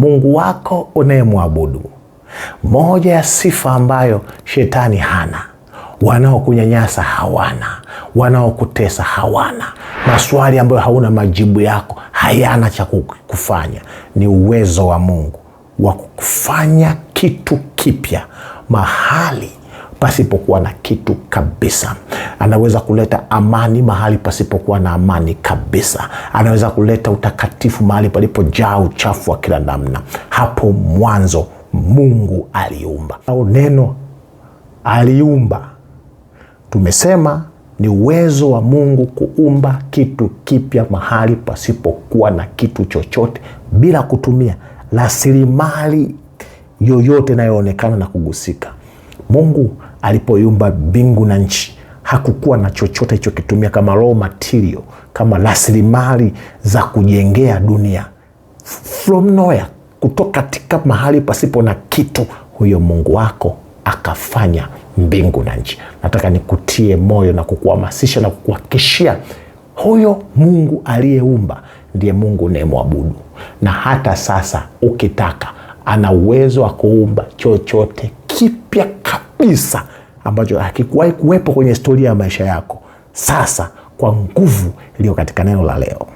Mungu wako unayemwabudu. Moja ya sifa ambayo shetani hana, wanaokunyanyasa hawana, wanaokutesa hawana, maswali ambayo hauna majibu yako hayana cha kufanya, ni uwezo wa Mungu wa kufanya kitu kipya mahali pasipokuwa na kitu kabisa. Anaweza kuleta amani mahali pasipokuwa na amani kabisa. Anaweza kuleta utakatifu mahali palipojaa uchafu wa kila namna. Hapo mwanzo Mungu aliumba, au neno aliumba tumesema ni uwezo wa Mungu kuumba kitu kipya mahali pasipokuwa na kitu chochote, bila kutumia rasilimali yoyote inayoonekana na kugusika. Mungu alipoiumba mbingu na nchi hakukuwa na chochote alichokitumia kama raw material, kama rasilimali za kujengea dunia. From nowhere, kutoka katika mahali pasipo na kitu, huyo Mungu wako akafanya mbingu na nchi. Nataka nikutie moyo na kukuhamasisha na kukuhakikishia huyo Mungu aliyeumba ndiye Mungu unayemwabudu, na hata sasa ukitaka, ana uwezo wa kuumba chochote kipya kabisa ambacho hakikuwahi kuwepo kwenye historia ya maisha yako, sasa kwa nguvu iliyo katika neno la leo.